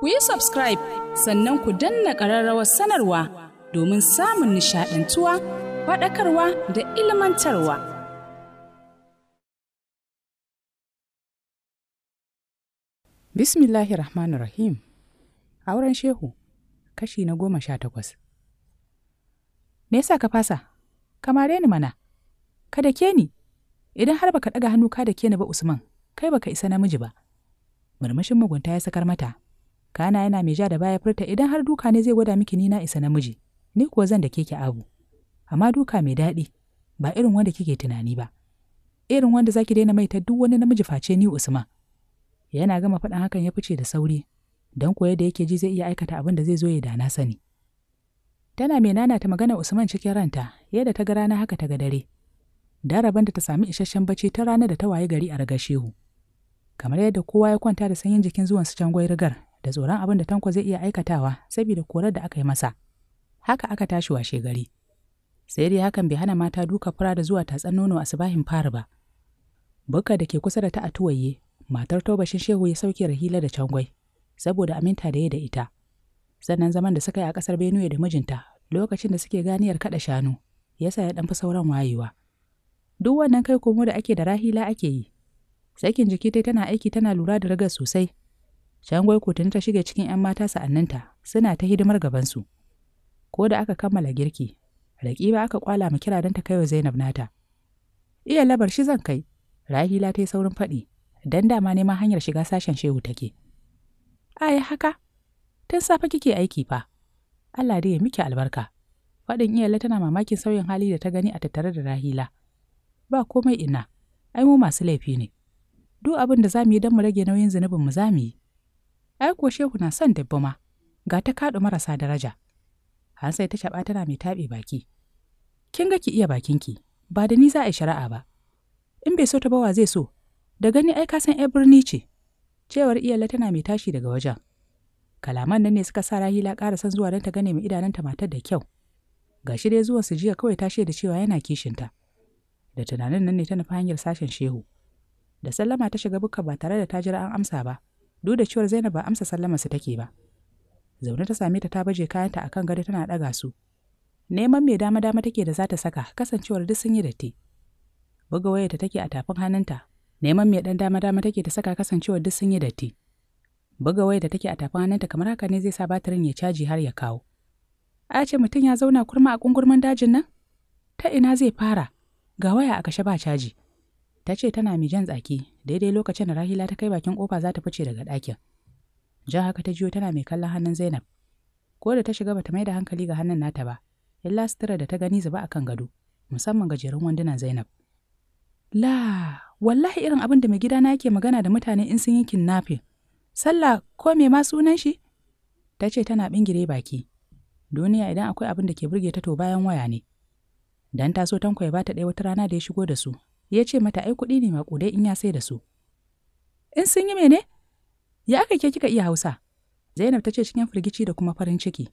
ku yi subscribe sannan ku danna ƙararrawar sanarwa domin samun nishaɗantuwa faɗakarwa da ilmantarwa. Bismillahir Rahmanir Rahim Auren Shehu kashi na goma sha takwas. Me yasa ka fasa? Kamare ni mana, ka dake ni, idan har baka ɗaga hannu ka dake ni ba Usman, kai baka isa namiji ba. Murmushin mugunta ya sakar mata, kana yana mai ja da baya furta idan har duka ne zai gwada miki ni na isa namiji ni kuwa zan da keke abu amma duka mai daɗi ba irin wanda kike tunani ba irin wanda zaki daina maita duk wani namiji face ni usman yana gama faɗan hakan ya fice da sauri don koyar da yake ji zai iya aikata abin da zai zo ya dana sani tana mai nana ta magana usman cikin ranta yadda ta ga rana haka ta ga dare daraban da ta sami isasshen bacci ta rana da ta waye gari a ragashehu kamar yadda kowa ya kwanta da sanyin jikin zuwan su can gwai rigar da tsoron abin da Tanko zai iya aikatawa saboda korar da aka yi masa. Haka aka tashi washe gari. Sai dai hakan bai hana mata duka fura da zuwa tatsan nono a subahin fara ba. Bukka da ke kusa da ta a tuwaye, matar taubashin shehu ya sauke rahila da cangwai, saboda aminta da ya da ita. Sannan zaman da suka yi a ƙasar Benue da mijinta lokacin da suke ganiyar kaɗa shanu, yasa ya ɗan fi sauran wayewa. Duk wannan kai komo da ake da rahila ake yi. Sakin jiki tai tana aiki tana lura da ragar sosai, Shangwai ko ta shige cikin 'yan mata sa'anninta suna ta hidimar gabansu. Ko da aka kammala girki, Raƙiba aka kwala mu kira don ta kai wa Zainab nata. Iya labar shi zan kai, Rahila ta yi saurin faɗi, don dama neman hanyar shiga sashen shehu take. Ai haka, tun safe kike aiki fa. Allah dai ya miki albarka. Faɗin iyalla tana mamakin sauyin hali da ta gani a tattare da Rahila. Ba komai ina, ai mu masu laifi ne. Duk abin da za mu yi don mu rage nauyin zunubin mu za mu yi. ai kuwa shehu na son dabba ma ga ta kaɗu marasa daraja hansai ta shaɓa tana mai taɓe baki kin ga ki iya bakin ki? ba da ni za a yi shari'a ba in bai so ta bawa zai so da gani ai ka san ai birni ce cewar iyalla tana mai tashi daga wajen kalaman nan ne suka sa rahila ƙara son zuwa don ta gane mai idananta matar da kyau gashi dai zuwan su jiya kawai ta da cewa yana kishinta da tunanin nan ne ta nufi hanyar sashen shehu da sallama ta shiga bukka ba tare da ta jira an amsa ba duk da cewar Zainab ba amsa sallama su take ba. Zaune ta same ta ta baje kayanta akan gado tana daga su. Neman mai dama dama take da za ta saka kasancewar duk sun yi datti. Buga wayarta take a tafin hannunta. Neman mai ɗan dama dama take ta saka kasancewar duk sun yi datti. Buga wayarta take a tafin hannunta kamar haka ne zai sa batirin ya caji har ya kawo. A ce mutum ya zauna kurma a kungurman dajin nan? Ta ina zai fara? Ga waya a kashe ba caji. ta ce tana mai jan tsaki daidai lokacin da rahila ta kai bakin kofa za ta fice daga ɗakin jan haka ta jiyo tana mai kallon hannun zainab ko da ta shiga bata mai da hankali ga hannun nata ba illa sutura da ta gani zuba a kan gado musamman gajerun wandunan zainab la wallahi irin abin da mai na yake magana da mutane in sun yi kidnapping sallah ko me ma sunan shi ta ce tana bingire baki duniya idan akwai abin da ke burge ta to bayan waya ne dan taso tanko ya bata ɗaya wata rana da ya shigo da su ya ce mata ai kuɗi ne maƙudai in ya sai da su. In sun yi mene? Ya aka ke kika iya Hausa? Zainab ta ce cikin firgici da kuma farin ciki.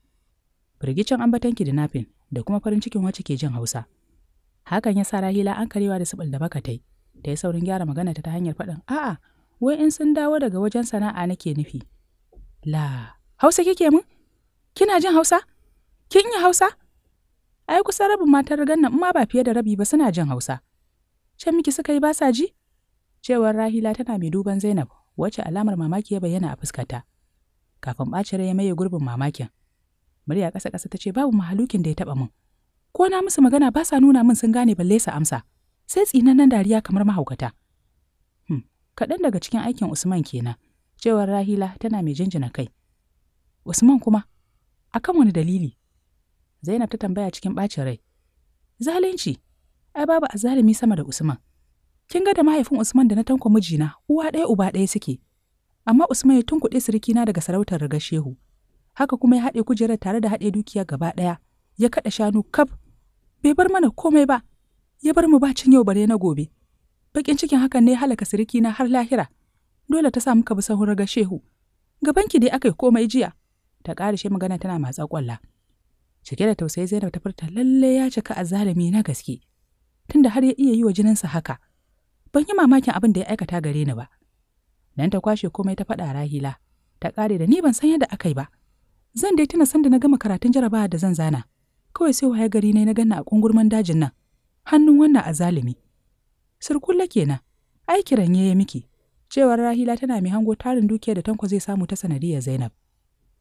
Firgicin ambaton kidnapping da kuma farin cikin wacce ke jin Hausa. Hakan ya sa Rahila an karewa da sibil da baka tai, da ya saurin gyara magana ta ta hanyar faɗin a'a, wai in sun dawo daga wajen sana'a nake nufi. La, Hausa kike mun? Kina jin Hausa? Kin yi Hausa? Ai kusa rabin matar rigan nan ma ba fiye da rabi ba suna jin Hausa. can miki suka yi basa ji cewar rahila tana mai duban zainab wacce alamar mamaki ya bayyana a fuskarta kafin rai ya maye gurbin mamakin murya ƙasa ƙasa ta ce babu mahalukin da ya taɓa min ko na musu magana ba sa nuna min sun gane balle sa amsa sai tsinannen dariya kamar mahaukata hmm. kaɗan daga cikin aikin usman kenan cewar rahila tana mai jinjina kai usman kuma akan wani dalili zainab ta tambaya cikin ɓacin rai zalunci ai babu azalimi sama da Usman. Kin ga da mahaifin Usman da na tanko mijina, uwa ɗaya uba ɗaya suke. Amma Usman ya tunkuɗe sirikina daga sarautar riga shehu. Haka kuma ya haɗe kujerar tare da haɗe dukiya gaba ɗaya, ya kaɗa shanu kaf. Bai bar mana komai ba, ya bar mu bacin yau bare na gobe. Bakin cikin hakan ne halaka sirikina har lahira. Dole ta sa muka bi sahun riga shehu. Gabanki dai aka yi komai jiya. Ta ƙarashe magana tana matsa ƙwalla. Cike da tausayi Zainab ta furta lalle ya cika azalimi na gaske. tunda har ya iya yi wa jininsa haka. Ban yi mamakin abin da ya aikata gare ni ba. Nan ta kwashe komai ta faɗa rahila, ta ƙare da ni ban san yadda aka yi ba. Zan dai tuna san da na gama karatun jarabawa da zan zana. Kawai sai waye gari ne na ganna a kungurman dajin nan, hannun wannan a zalimi. Sirkulla kenan, ai kiran ya miki, cewar rahila tana mai hango tarin dukiya da tanko zai samu ta sanadiyar Zainab.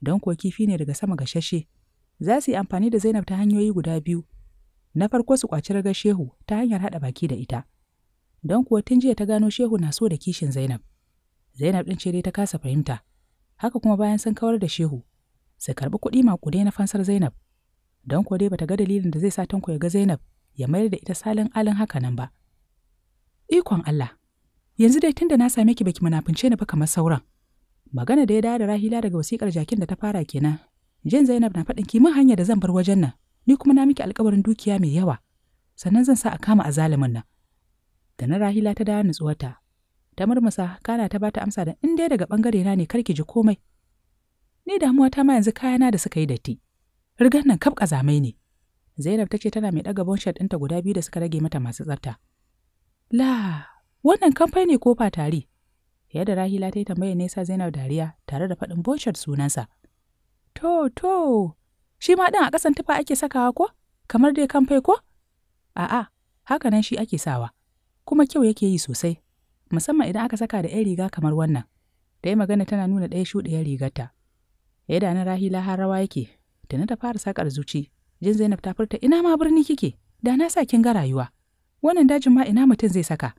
Don kuwa kifi ne daga sama gashashe, za su yi amfani da Zainab ta hanyoyi guda biyu na farko su kwaci ragar shehu ta hanyar haɗa baki da ita don kuwa tun jiya ta gano shehu na so da kishin zainab zainab ɗin ce dai ta kasa fahimta haka kuma bayan sun kawar da shehu su karɓi kuɗi maƙudai na fansar zainab don kuwa dai bata ga dalilin da zai sa tanko ya ga zainab ya mayar da ita salin alin haka nan ba ikon allah yanzu dai tunda da na same ki baki munafince ni ba kamar sauran magana da ya dawo da rahila daga wasikar jakin da ta fara kenan jin zainab na faɗin mun hanya da zan bar wajen nan ni kuma na miki alƙawarin dukiya mai yawa sannan zan sa a kama a zalimin nan da na rahila ta dawo nutsuwarta ta murmusa kana ta bata amsa da in dai daga bangare na ne kar ki ji komai ni damuwa ta ma yanzu kayana da suka yi datti rigar nan kafka kazamai ne Zainab ta ce tana mai ɗaga bonshet ɗinta guda biyu da suka rage mata masu tsafta. La, wannan kamfai ne ko fatari? Yadda Rahila ta yi tambaya nesa Zainab dariya tare da faɗin bonshet sunansa. To, to, Shi ma ɗin a ƙasan tufa ake sakawa ko? Kamar dai kamfai ko? A'a, haka nan shi ake sawa. Kuma kyau yake yi sosai, musamman idan aka saka da ɗaya riga kamar wannan. Da ya magana tana nuna ɗaya shuɗiyar rigarta. Ya da na rahila har rawa yake, da na ta fara sakar zuci, jin Zainab ta furta ina ma birni kike, da na sa kin ga rayuwa. Wannan dajin ma ina mutum zai saka.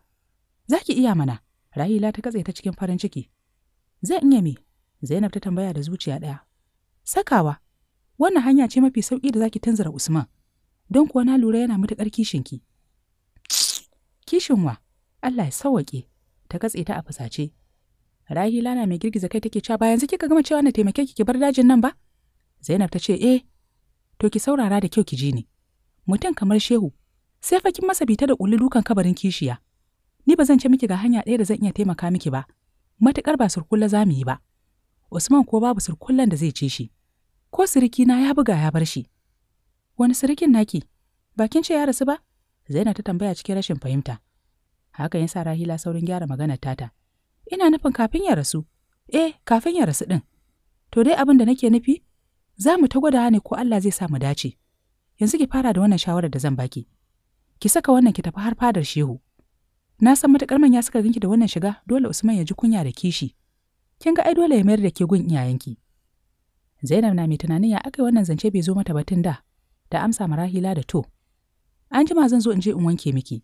Za ki iya mana, Rahila ta katse ta cikin farin ciki. Zan iya me? Zainab ta tambaya da zuciya ɗaya. Sakawa, Wannan hanya ce mafi sauƙi da zaki tanzara Usman, don kuwa na lura yana matuƙar kishinki. Kishin wa, Allah ya sawaƙe, ta katse ta a fasace. Rahila na mai girgiza kai take cewa bayan kika gama cewa na taimake ki ki bar dajin nan ba? Zainab ta ce eh. To ki saurara da kyau ki ji ni. Mutum kamar Shehu, sai fa kin masa bita da ƙulli dukan kabarin kishiya. Ni ba zan ce miki ga hanya ɗaya da zan iya taimaka miki ba. Matuƙar ba surkulla za mu yi ba. Usman ko babu surkullan da zai ci shi. ko sirikina ya buga ya bar shi. Wani sirikin naki, bakin ce ya rasu ba? Zaina ta tambaya cikin rashin fahimta. Haka ya sa Rahila saurin gyara magana tata. Ina nufin kafin ya rasu. Eh, kafin ya rasu ɗin. To dai abin da nake nufi, za mu ta gwada ne ko Allah zai sa mu dace. Yanzu ki fara da wannan shawarar da zan baki. Ki saka wannan ki tafi har fadar shehu. Na san matukar manya suka ganki da wannan shiga, dole Usman ya ji kunya da kishi. Kin ga ai dole ya mayar da ke gun iyayenki. Zainab na mai tunanin ya aka wannan zance bai zo mata batun da, da amsa ma Rahila da to. An jima zan zo in je in wanke miki.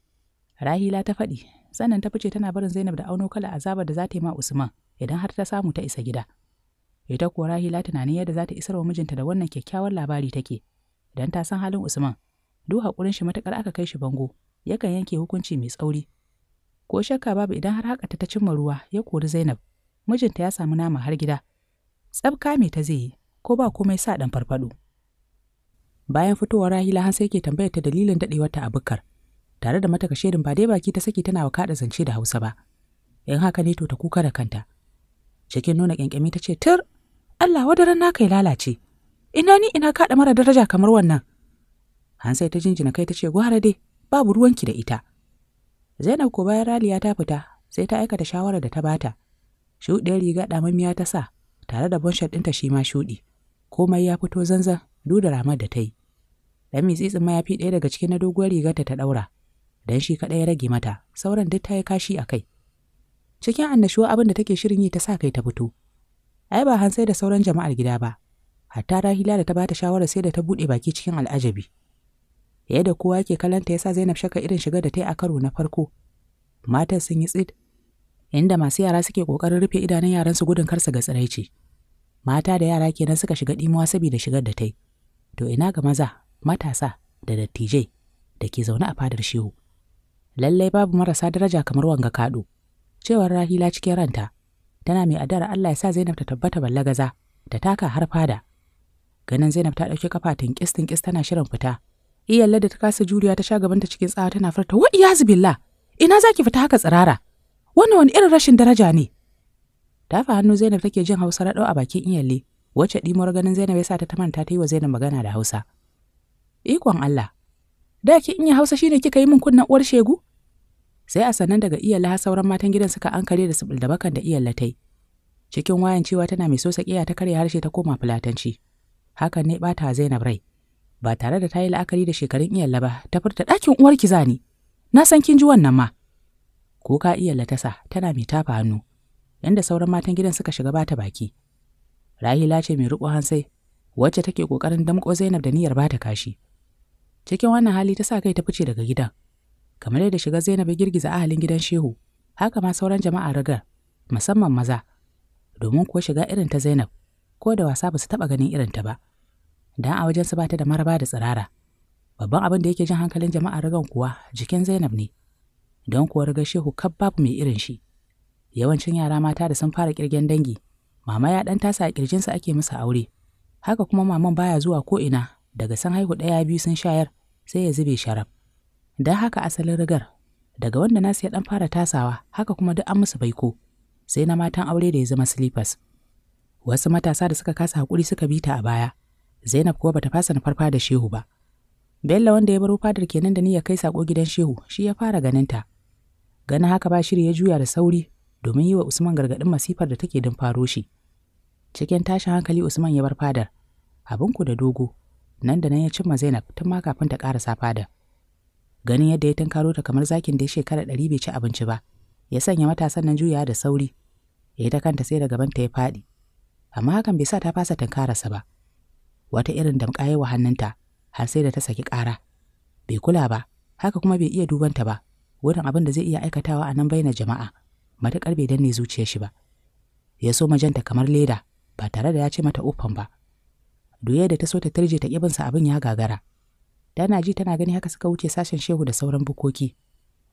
Rahila ta faɗi, sannan ta fice tana barin Zainab da auno kala azabar da za ta yi ma Usman idan har ta samu ta isa gida. Ita kuwa Rahila tunanin yadda za ta isar wa mijinta da wannan kyakkyawan labari take, idan ta san halin Usman, duk haƙurin shi matuƙar aka kai shi bango, yakan yanke hukunci mai tsauri. Ko shakka babu idan har haƙata ta cimma ruwa ya kori Zainab, mijinta ya samu nama har gida. Tsabka me ta zai yi, ko ba komai sa ɗan farfaɗo. Bayan fitowar Rahila har yake ke tambayar ta dalilin daɗewarta a bukkar, tare da mata kashedin ba dai baki ta saki tana wa kaɗa zance da Hausa ba. In haka ne to ta kuka da kanta. Cikin nuna ƙyanƙyami ta ce, Tir, Allah wadaran naka ya lalace, ina ni ina kaɗa mara daraja kamar wannan. Hansai ta jinjina kai ta ce, Gwara dai, babu ruwanki da ita. Zainab ko bayan Raliya ta fita, sai ta aikata shawarar da ta bata. Shuɗiyar riga ɗamammiya ta sa, tare da ɗin ɗinta shi ma shuɗi. komai ya fito zanzan duk da ramar da ta yi. Dan mitsitsin mayafi ɗaya daga cikin na doguwar rigarta ta ɗaura, dan shi kaɗai ya rage mata, sauran duk ta yi kashi a kai. Cikin annashuwa abin da take shirin yi ta sa kai ta fito. Ai ba hansai da sauran jama'ar gida ba, hatta hila da ta bata shawara sai da ta buɗe baki cikin al'ajabi. Yadda kowa ke kalanta sa Zainab shaka irin shiga da ta yi a karo na farko. Matan sun yi tsid, inda masu yara suke ƙoƙarin rufe idanun yaransu gudun karsa ga tsiraici. mata da yara kenan suka shiga ɗimuwa saboda shigar da ta yi to ina ga maza matasa da dattijai da ke zaune a fadar shehu lallai babu marasa daraja kamar wanga kaɗo cewar rahila cikin ranta tana mai adara Allah ya sa Zainab ta tabbata ballagaza da taka har fada ganin Zainab ta ɗauki kafa tinkis tinkis tana shirin fita iyalle da ta kasa juriya ta sha gabanta cikin tsawa tana furta wa iya billah ina zaki fita haka tsirara wannan wani irin rashin daraja ne Tafa hannu Zainab take jin Hausa raɗau a bakin iyalle, wacce ɗimuwar ganin Zainab ya sa ta manta ta yi wa Zainab magana da Hausa. Ikon Allah, da ki in yi Hausa shine kika yi min kunnan uwar shegu? Sai a sannan daga iyalle har sauran matan gidan suka ankare da su da bakan da iyalle tai Cikin wayan cewa tana mai so sakiya ta karya harshe ta koma fulatanci. Haka ne bata Zainab rai. Ba tare da ta yi la'akari da shekarun iyalle ba, ta furta uwar ki zani. Na san kin ji wannan ma. Kuka iyalle ta sa tana mai tafa hannu. yanda sauran matan gidan suka shiga bata baki. Rahila ce mai riƙo hansai, wacce take ƙoƙarin damƙo Zainab da niyyar bata kashi. Cikin wannan hali ta sa kai ta fice daga gidan. Kamar yadda shiga Zainab ya girgiza ahalin gidan Shehu, haka ma sauran jama'a ragar, musamman maza. Domin ko shiga irin ta Zainab, ko da wasa ba su taɓa ganin irin ta ba. Dan a wajensu ba ta da maraba da tsirara. Babban abin da yake jin hankalin jama'a ragan kuwa jikin Zainab ne. Don kuwa rigar Shehu kab babu mai irin shi. Yawancin yara mata da sun fara kirgen dangi, mama ya ɗan tasa a kirjinsa ake musu aure. Haka kuma maman baya zuwa ko ina, daga san haihu ɗaya biyu sun shayar, sai ya zube sharaf. dan haka asalin rigar, daga wanda nasu ya ɗan fara tasawa, haka kuma duk an musu baiko, sai na matan aure da ya zama slippers. Wasu matasa da suka kasa hakuri suka bita a baya, Zainab kuwa bata fasa na farfa da Shehu ba. Bello wanda ya baro fadar kenan da ni ya kai sako gidan Shehu, shi ya fara ganinta. Ganin haka ba shiri ya juya da sauri, domin yi wa Usman gargaɗin masifar da take don faro shi. Cikin tashin hankali Usman ya bar fadar, abin ku da dogo, nan da nan ya cimma Zainab tun ma kafin ta ƙarasa fadar. Ganin yadda ya tunkaro ta kamar zakin da ya shekara ɗari bai ci abinci ba, ya sanya matasan nan juya da sauri, ya yi ta kanta sai da gabanta ya faɗi. Amma hakan bai sa ta fasa tunkararsa ba. Wata irin da ya wa hannunta, har sai da ta saki ƙara. Bai kula ba, haka kuma bai iya dubanta ba, wurin abin da zai iya aikatawa a nan baina jama'a. matuƙar bai danne zuciyar shi ba ya so majanta kamar leda ba tare da ya ce mata ofan ba doya da ta so ta tarje ta ƙibinsa abin ya gagara tana ji tana gani haka suka wuce sashen shehu da sauran bukoki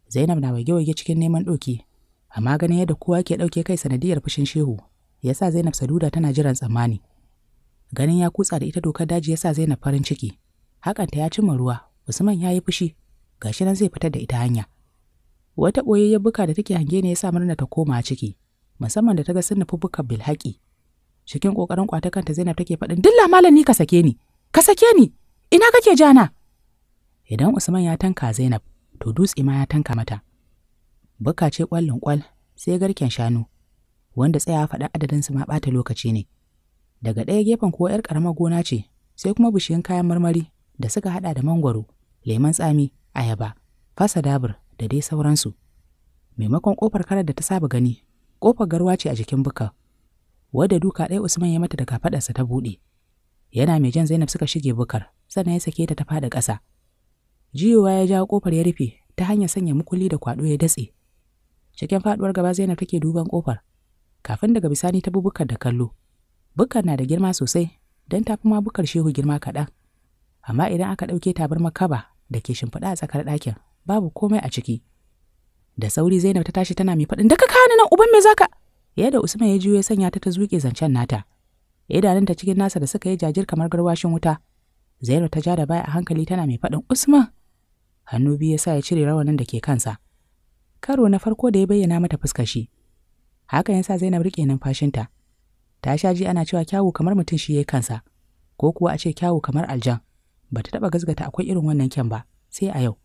zainab na wage-wage cikin neman ɗoki amma ganin yadda kowa ke ɗauke kai sanadiyar fushin shehu ya sa zainab saduda tana jiran tsammani ganin ya kutsa da ita dokar daji ya sa zainab farin ciki hakanta ya cimma ruwa usman ya yi fushi gashi nan zai fitar da ita hanya Wata ɓoyayyar buka da take hange ne ya sa murna ta koma ciki, musamman da ta ga sun nufi bukar bilhaƙi. Cikin ƙoƙarin ƙwata kanta Zainab take faɗin dilla malam ni ka sake ni, ka sake ni, ina kake jana? Idan Usman ya tanka Zainab, to dutse ma ya tanka mata. Buka ce ƙwallon ƙwal sai garken shanu, wanda tsaya faɗa adadinsu ma ɓata lokaci ne. Daga ɗaya gefen kuwa 'yar ƙaramar gona ce, sai kuma bishiyun kayan marmari da suka haɗa da mangwaro, lemon tsami, ayaba, fasa dabur, da dai sauransu. Maimakon ƙofar karar da ta saba gani, ƙofar garwa ce a jikin buka. Wadda duka ɗaya Usman ya mata daga faɗarsa ta buɗe. Yana mai jan Zainab suka shige bukar, sannan ya sake ta ta faɗa ƙasa. Jiyowa ya jawo ƙofar ya rufe ta hanyar sanya mukuli da kwaɗo ya datse. Cikin faɗuwar gaba Zainab take duban ƙofar, kafin daga bisani ta bi bukar da kallo. Bukar na da girma sosai, don ta fi ma bukar shehu girma kaɗan. Amma idan aka ɗauke tabarmar kaba da ke shimfiɗa a tsakar ɗakin, babu komai a ciki da sauri zainab ta tashi tana mai faɗin daga kana nan uban me zaka da usman ya juyo ya sanya ta ta zuke zancen nata idanun ta cikin nasa da suka yi jajir kamar garwashin wuta zainab ta ja da baya a hankali tana mai faɗin usman hannu biyu ya sa ya cire rawanin da ke kansa karo na farko da ya bayyana mata fuskar shi hakan ya sa zainab riƙe numfashinta ta sha ji ana cewa kyawu kamar mutum shi ya kansa ko kuwa a ce kyawu kamar aljan ba ta taɓa gazgata akwai irin wannan kyan ba sai a yau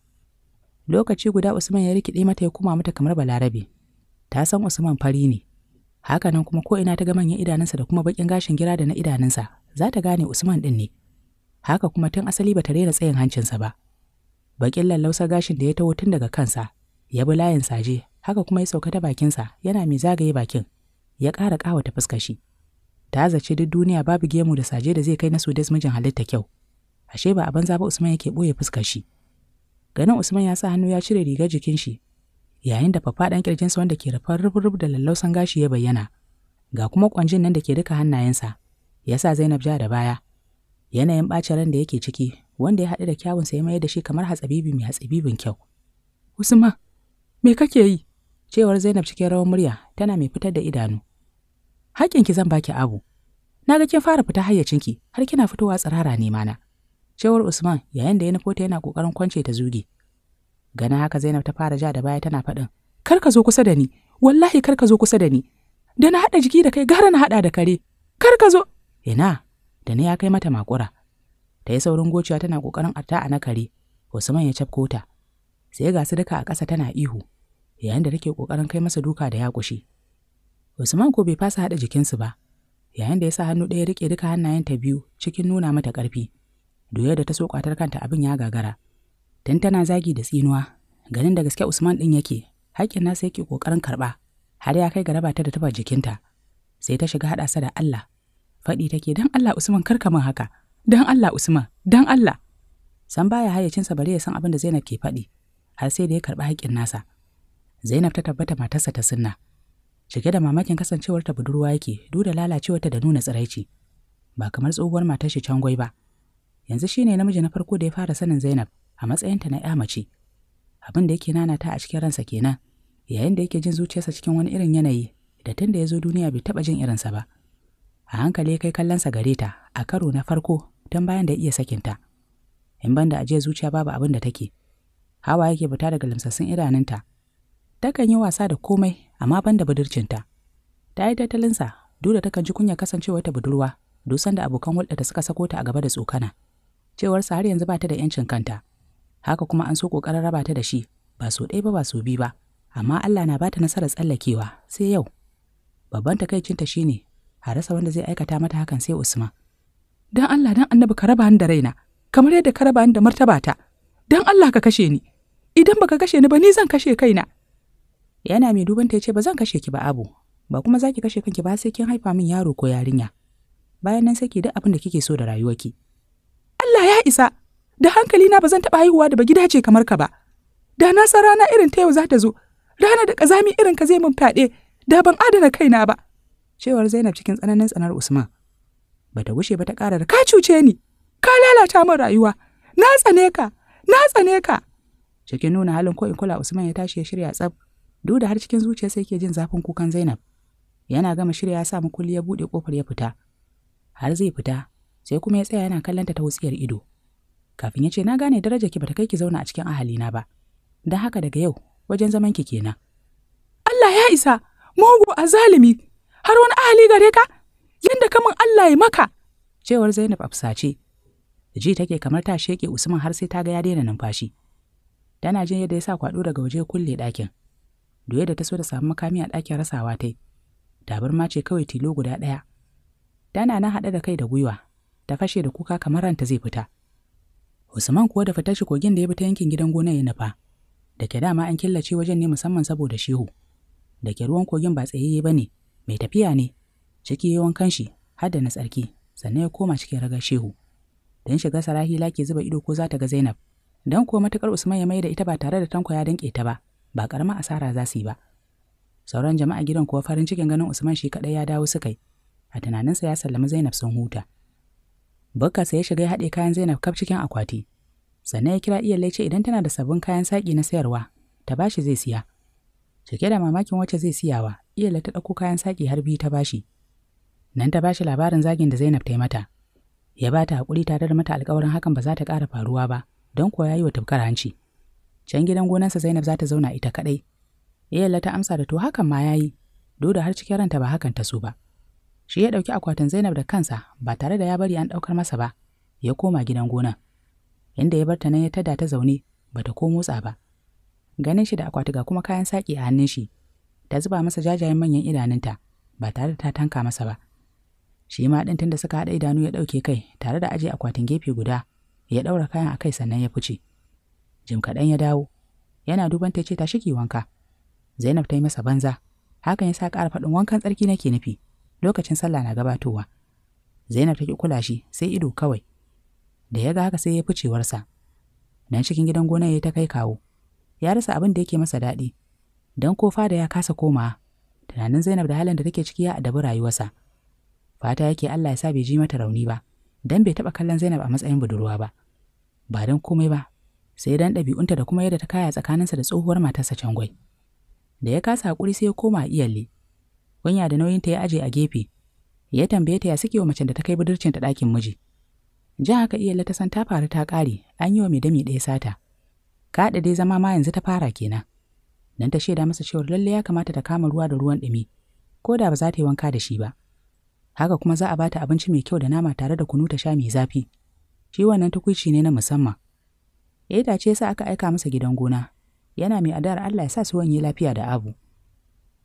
lokaci guda usman ya rikide mata ya kuma mata kamar balarabe ta san usman fari ne haka nan kuma ko ina ta ga manyan idanunsa da kuma bakin gashin gira da na idanunsa za ta gane usman din ne haka kuma tun asali ba ta rena tsayin hancinsa ba bakin lallausa gashin da ya taho tun daga kansa ya bi layin saje haka kuma ya sauka ta bakinsa yana mai zagaye bakin ya ƙara ƙawata fuskar shi ta zace duk duniya babu gemu da saje da zai kai na su mijin halitta kyau ashe ba a banza ba usman yake ɓoye fuskar shi ganin Usman ya sa hannu ya cire rigar jikin shi, yayin da fafaɗan sa wanda ke rufar rub da lallausan gashi ya bayyana, ga kuma ƙwanjin nan da ke duka hannayensa, ya sa Zainab ja da baya. Yanayin ɓacin ran da yake ciki, wanda ya haɗu da kyawunsa ya mayar da shi kamar hatsabibi mai hatsabibin kyau. Usman, me kake yi? Cewar Zainab cikin rawar murya tana mai fitar da idanu. Haƙinki zan baki abu. Na ga kin fara fita hayyacinki har kina fitowa tsirara ne mana. cewar Usman yayin da ya nufo ta yana kokarin kwance ta zuge. Gana haka Zainab ta fara ja da baya tana faɗin, "Kar ka zo kusa da ni, wallahi kar ka zo kusa da ni." Da na haɗa jiki da kai gara na haɗa da kare, "Kar ka zo." Ina, da ni ya kai mata makura. Ta yi saurin gociya tana kokarin atta a na kare, Usman ya cafko ta. Sai ga su duka a ƙasa tana ihu, yayin da take kokarin kai masa duka da ya Usman ko bai fasa haɗa jikinsu ba, yayin da ya sa hannu ɗaya riƙe duka hannayenta biyu cikin nuna mata ƙarfi. doya da ta so kwatar kanta abin ya gagara tun tana zagi da tsinuwa ganin da gaske usman din yake haƙƙin nasa yake ƙoƙarin karɓa har ya kai ga raba ta da tabar jikinta sai ta shiga haɗa da Allah faɗi take dan Allah Usman karka min haka dan Allah Usman dan Allah san baya hayyacinsa bari ya san abin da Zainab ke faɗi har sai da ya karɓi haƙƙin nasa Zainab ta tabbata matarsa ta sunna cike da mamakin kasancewarta budurwa yake duk da lalacewarta da nuna tsiraici ba kamar tsohuwar matar shi gwai ba yanzu shine namiji na farko da ya fara sanin Zainab a matsayinta na ƴa mace. Abin da yake nanata a cikin ransa kenan, yayin da yake jin zuciyarsa cikin wani irin yanayi da tun da ya zo duniya bai taɓa jin irinsa ba. A hankali kai kallonsa gare ta a karo na farko don bayan da iya sakinta. In ban da ajiyar zuciya babu abin da take. Hawa yake fita daga lamsassun idanunta. Takan yi wasa da komai amma ban da budurcinta. Ta yi tattalinsa duk da takan ji kunya kasancewa ta budurwa dusan da abokan hulɗa da suka sako ta a gaba da tsokana. sa har yanzu bata da 'yancin kanta. Haka kuma an so kokarin raba ta da shi, ba so ɗaya ba ba so biyu ba, amma Allah na ba ta nasarar tsallakewa sai yau. Babban takaicinta shi ne, a rasa wanda zai aikata mata hakan sai Usman. Don Allah don annabi ka raba ni da raina, kamar yadda ka raba ni da martabata. Don Allah ka kashe ni, idan baka kashe ni ba ni zan kashe kaina. Yana mai duban ta ya ce ba zan kashe ki ba abu, ba kuma za ki kashe kanki ba sai kin haifa min yaro ko yarinya. Bayan nan sai ki duk abin da kike so da rayuwarki. Allah ya isa da hankali na ba zan taɓa haihuwa da ba gida ce kamar ka ba da na san rana irin ta yau za ta zo rana da ƙazami irin ka zai mun fyaɗe da ban adana kai na ba cewar Zainab cikin tsananin tsanar Usman bata wuce ba ta ƙara da ka cuce ni ka lalata min rayuwa na tsane ka na tsane ka cikin nuna halin ko in kula Usman ya tashi ya shirya tsaf duk da har cikin zuciya sai ke jin zafin kukan Zainab yana gama shirya ya sa makulli ya buɗe kofar ya fita har zai fita sai kuma ya tsaya yana kallonta ta wutsiyar ido kafin ya ce na gane daraja ki bata kai ki zauna a cikin ahalina ba don haka daga yau wajen zaman ki kenan Allah ya isa mugu a zalimi har wani ahali gare ka yanda kamun Allah ya maka cewar Zainab afsace ji take kamar ta sheke Usman har sai ta ga ya daina numfashi tana jin yadda ya sa kwado daga waje kulle dakin doye da ta so da samu makami a ɗakin rasawa tai ma ce kawai tilo guda ɗaya tana nan haɗe da kai da gwiwa ta fashe da kuka kamar ranta zai fita. Usman kuwa da fita shi kogin da ya bi ta yankin gidan gona ya nufa, da ke dama an killace wajen ne musamman saboda shehu, da ke ruwan kogin ba tsayayye ba ne, mai tafiya ne, ciki yawan kanshi har da na tsarki, sannan ya koma cikin ragar shehu. Don shiga sarahila ke zuba ido ko za ta ga Zainab, Dan kuwa matukar Usman ya mai da ita ba tare da tanko ya danƙe ta ba, ba ƙaramar asara za su yi ba. Sauran jama'a gidan kuwa farin cikin ganin Usman shi kaɗai ya dawo su yi, a tunaninsa ya sallami Zainab sun huta. sai ya shiga ya haɗe kayan Zainab kaf cikin akwati. Sannan ya kira iyalai ce idan tana da sabbin kayan saƙi na sayarwa, ta bashi zai siya. Cike da mamakin wacce zai siyawa, iyalai ta ɗauko kayan saƙi har biyu ta bashi. Nan ta bashi labarin zagin da Zainab ta yi mata. Ya ba ta haƙuri tare da mata alƙawarin hakan ba za ta ƙara faruwa ba, don kuwa ya yi wa tafkar hanci. Can gidan gonarsa Zainab za ta zauna ita kaɗai. Iyalai ta amsa da to hakan ma ya yi, do da har cikin ranta ba hakan ta so ba. Shi ya ɗauki akwatin Zainab da kansa ba tare da ya bari an ɗaukar masa ba, ya koma gidan gona. Inda ya bar ta nan ya tada ta zaune, ba ta ko motsa ba. Ganin shi da akwati ga kuma kayan saƙi a hannun shi, ta zuba masa jajayen manyan idanunta ba tare da ta tanka masa ba. Shi ma ɗin tunda suka haɗa idanu ya ɗauke kai tare da ajiye akwatin gefe guda, ya ɗaura kayan a kai sannan ya fice. Jim kaɗan ya dawo, yana duban ta ce ta shiki wanka. Zainab ta yi masa banza, hakan ya sa ƙara faɗin wankan tsarki nake nufi. lokacin sallah na gabatowa zainab ta ki kula shi sai ido kawai da ya ga haka sai ya ficewarsa nan cikin gidan gona ya ta kai kawo ya rasa abin da yake masa daɗi Dan ko fada ya kasa komawa tunanin zainab da halin da take ciki ya adabi rayuwarsa fata yake allah ya sa bai ji mata rauni ba Dan bai taɓa kallon zainab a matsayin budurwa ba ba don komai ba sai dan ɗabi'unta da kuma yadda ta kaya tsakaninsa da tsohuwar matarsa cangwai da ya kasa hakuri sai ya koma iyalle kunya da nauyinta ya aje a gefe ya tambaye ta ya sike wa macen da ta kai budurcin ta ɗakin miji jan haka iya ta san ta faru ta ƙare an yi wa mai dami ɗaya sata kaɗa dai zama ma yanzu ta fara kenan Nan ta shaida masa cewa lalle ya kamata ta kama ruwa da ruwan ɗumi ko da ba za ta yi wanka da shi ba haka kuma za a bata abinci mai kyau da nama tare da kunu ta sha mai zafi shi wannan tukuici ne na musamman ya ce sa aka aika masa gidan gona yana mai adar Allah ya sa su wanye lafiya da abu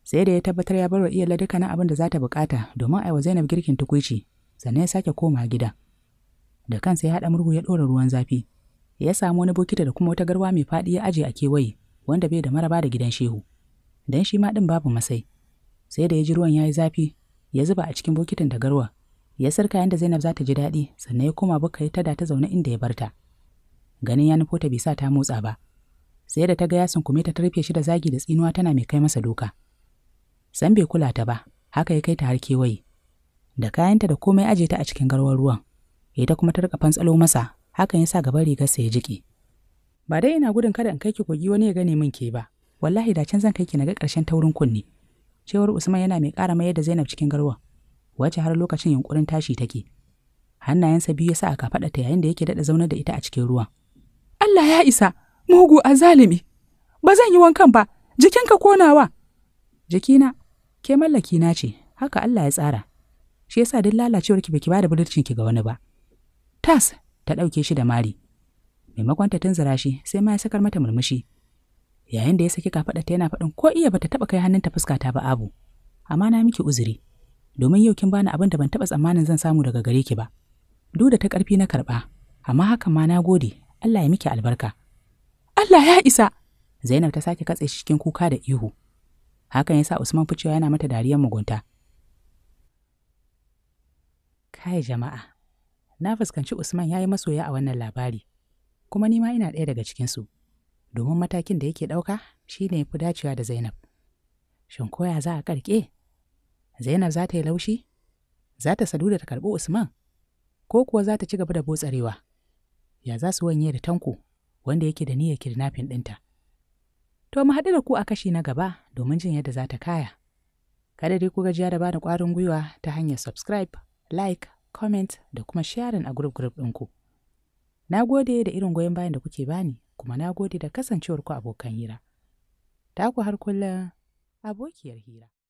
sai da ya tabbatar ya bar wa iyala dukkanin abin da za ta bukata domin wa Zainab girkin tukuici sannan ya sake koma gida da kansa ya haɗa murhu ya ɗora ruwan zafi ya samu wani bokiti da kuma wata garwa mai faɗi ya aje a kewaye wanda bai da maraba da gidan shehu dan shi ma ɗin babu masai sai da ya ji ruwan ya yi zafi ya zuba a cikin bokitin da garwa ya sarka yadda Zainab za ta ji daɗi sannan ya koma bukka ta da ta zaune inda ya barta ganin ya nufo ta bai sa ta motsa ba sai da ta ga ya sunkume ta ta rufe shi da zagi da tsinuwa tana mai kai masa doka. san bai kula ta ba haka ya kai ta har kewaye da kayanta da komai aje ta a cikin garwar ruwan ta kuma ta rika fantsalo masa hakan ya sa gaban rigarsa ya jike ba dai ina gudun kada in kai ki kogi wani ya gane min ke ba wallahi da can zan kai ki na ga ƙarshen taurin kunne cewar usman yana mai ƙara mayar da zainab cikin garwa wacce har lokacin yunkurin tashi take hannayensa biyu ya sa a kafaɗarta yayin da yake daɗa zaunar da ita a cikin ruwan allah ya isa mugu a zalimi ba zan yi wankan ba jikinka konawa jikina Ke mallaki na ce, haka Allah ya tsara. Shi yasa duk lalacewarki baki ba da ki ga wani ba. Tas ta dauke shi da mari. Maimakon ta tunzura shi sai ma ya sakar mata murmushi. Yayin da ya saki ta yana faɗin ko iya bata taɓa kai hannunta ta ba abu. Amma na miki uzuri. Domin yau kin bani abin da ban taba tsammanin zan samu daga gare ki ba. Duk da ta karfi na karɓa. Amma haka ma na gode. Allah ya miki albarka. Allah ya isa. Zainab ta sake katse shi cikin kuka da ihu. hakan ya sa Usman ficewa yana mata dariyar mugunta. Kai jama'a, na fuskanci Usman ya yi masoya a wannan labari, kuma ni ma ina ɗaya daga cikinsu, domin matakin da yake ɗauka shi ne fi dacewa da Zainab. Shin koya za a karke? Zainab za ta yi laushi? Za ta sadu da ta karɓi Usman? Ko kuwa za ta ci gaba da botsarewa? Ya za su wanye da tanko wanda yake da niyyar kidnapping ɗinta? To mu haɗu da ku a kashi na gaba domin jin yadda za ta kaya. Kada dai ku gajiya da bani ƙwarin gwiwa ta hanyar subscribe, like, comment da kuma sharing a group group ɗinku. Na gode da irin goyon bayan da kuke bani, kuma na gode da kasancewarku abokan hira. Ta ku har kullum abokiyar hira.